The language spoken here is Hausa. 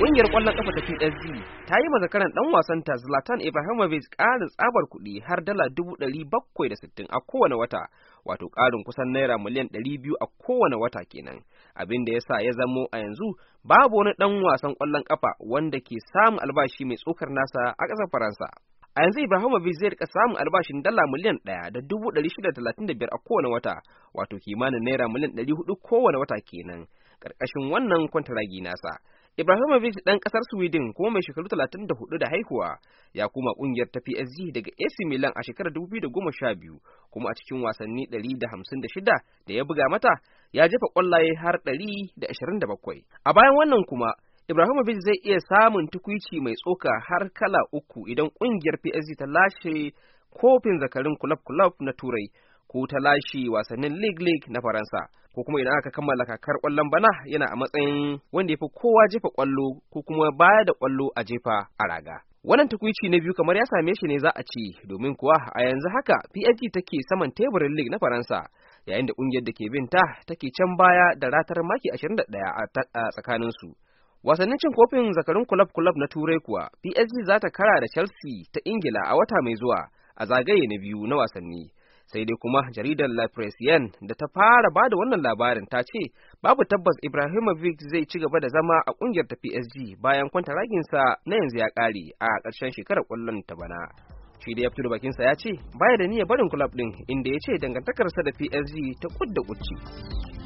kungiyar ƙwallon ƙafa ta PSG ta yi mazakaran ɗan ta Zlatan Ibrahimovic ƙarin tsabar kuɗi har dala dubu ɗari da sittin a kowane wata, wato ƙarin kusan naira miliyan ɗari biyu a kowane wata kenan, abin da ya sa ya zamo a yanzu babu wani ɗan wasan kwallon kafa wanda ke samun albashi mai tsokar nasa a ƙasar Faransa. a yanzu Ibrahimovic zai rika samun albashin dala miliyan ɗaya da dubu ɗari shida a kowane wata, wato kimanin naira miliyan ɗari hudu kowane wata kenan, ƙarƙashin wannan kwantaragi nasa. Ibrahimovic dan ƙasar Sweden kuma mai shekaru 34 da haihuwa ya kuma ƙungiyar ta PSG daga AC Milan a shekarar 2012 kuma a cikin wasanni 156 da ya buga mata ya jefa kwallaye har 127. A bayan wannan kuma Ibrahimovic zai iya samun tukuici mai tsoka har kala uku idan ƙungiyar PSG ta lashe kofin zakarin club-club na Turai ko ta lashe wasannin League League na Faransa. ko kuma idan aka kammala kakar kwallon bana yana a matsayin wanda ya fi kowa jefa kwallo ko kuma baya da kwallo a jefa a raga. Wannan takwici na biyu kamar ya same shi ne za a ci domin kuwa a yanzu haka PSG take saman teburin League na Faransa yayin da kungiyar da ke bin ta take can baya da ratar maki 21 a tsakanin su Wasannin cin kofin zakarun club club na Turai kuwa PSG za ta kara da Chelsea ta Ingila a wata mai zuwa a zagaye na biyu na wasanni. sai dai kuma jaridar La Presienne da ta fara bada wannan labarin ta ce babu tabbas Ibrahimovic zai ci gaba da zama a kungiyar ta PSG bayan kwanta raginsa na yanzu ya kare a ƙarshen shekarar kwallon ta bana. Shi da ya fito bakinsa ya ce baya da niyyar barin kulab ɗin inda ya ce dangantakarsa da PSG ta kud da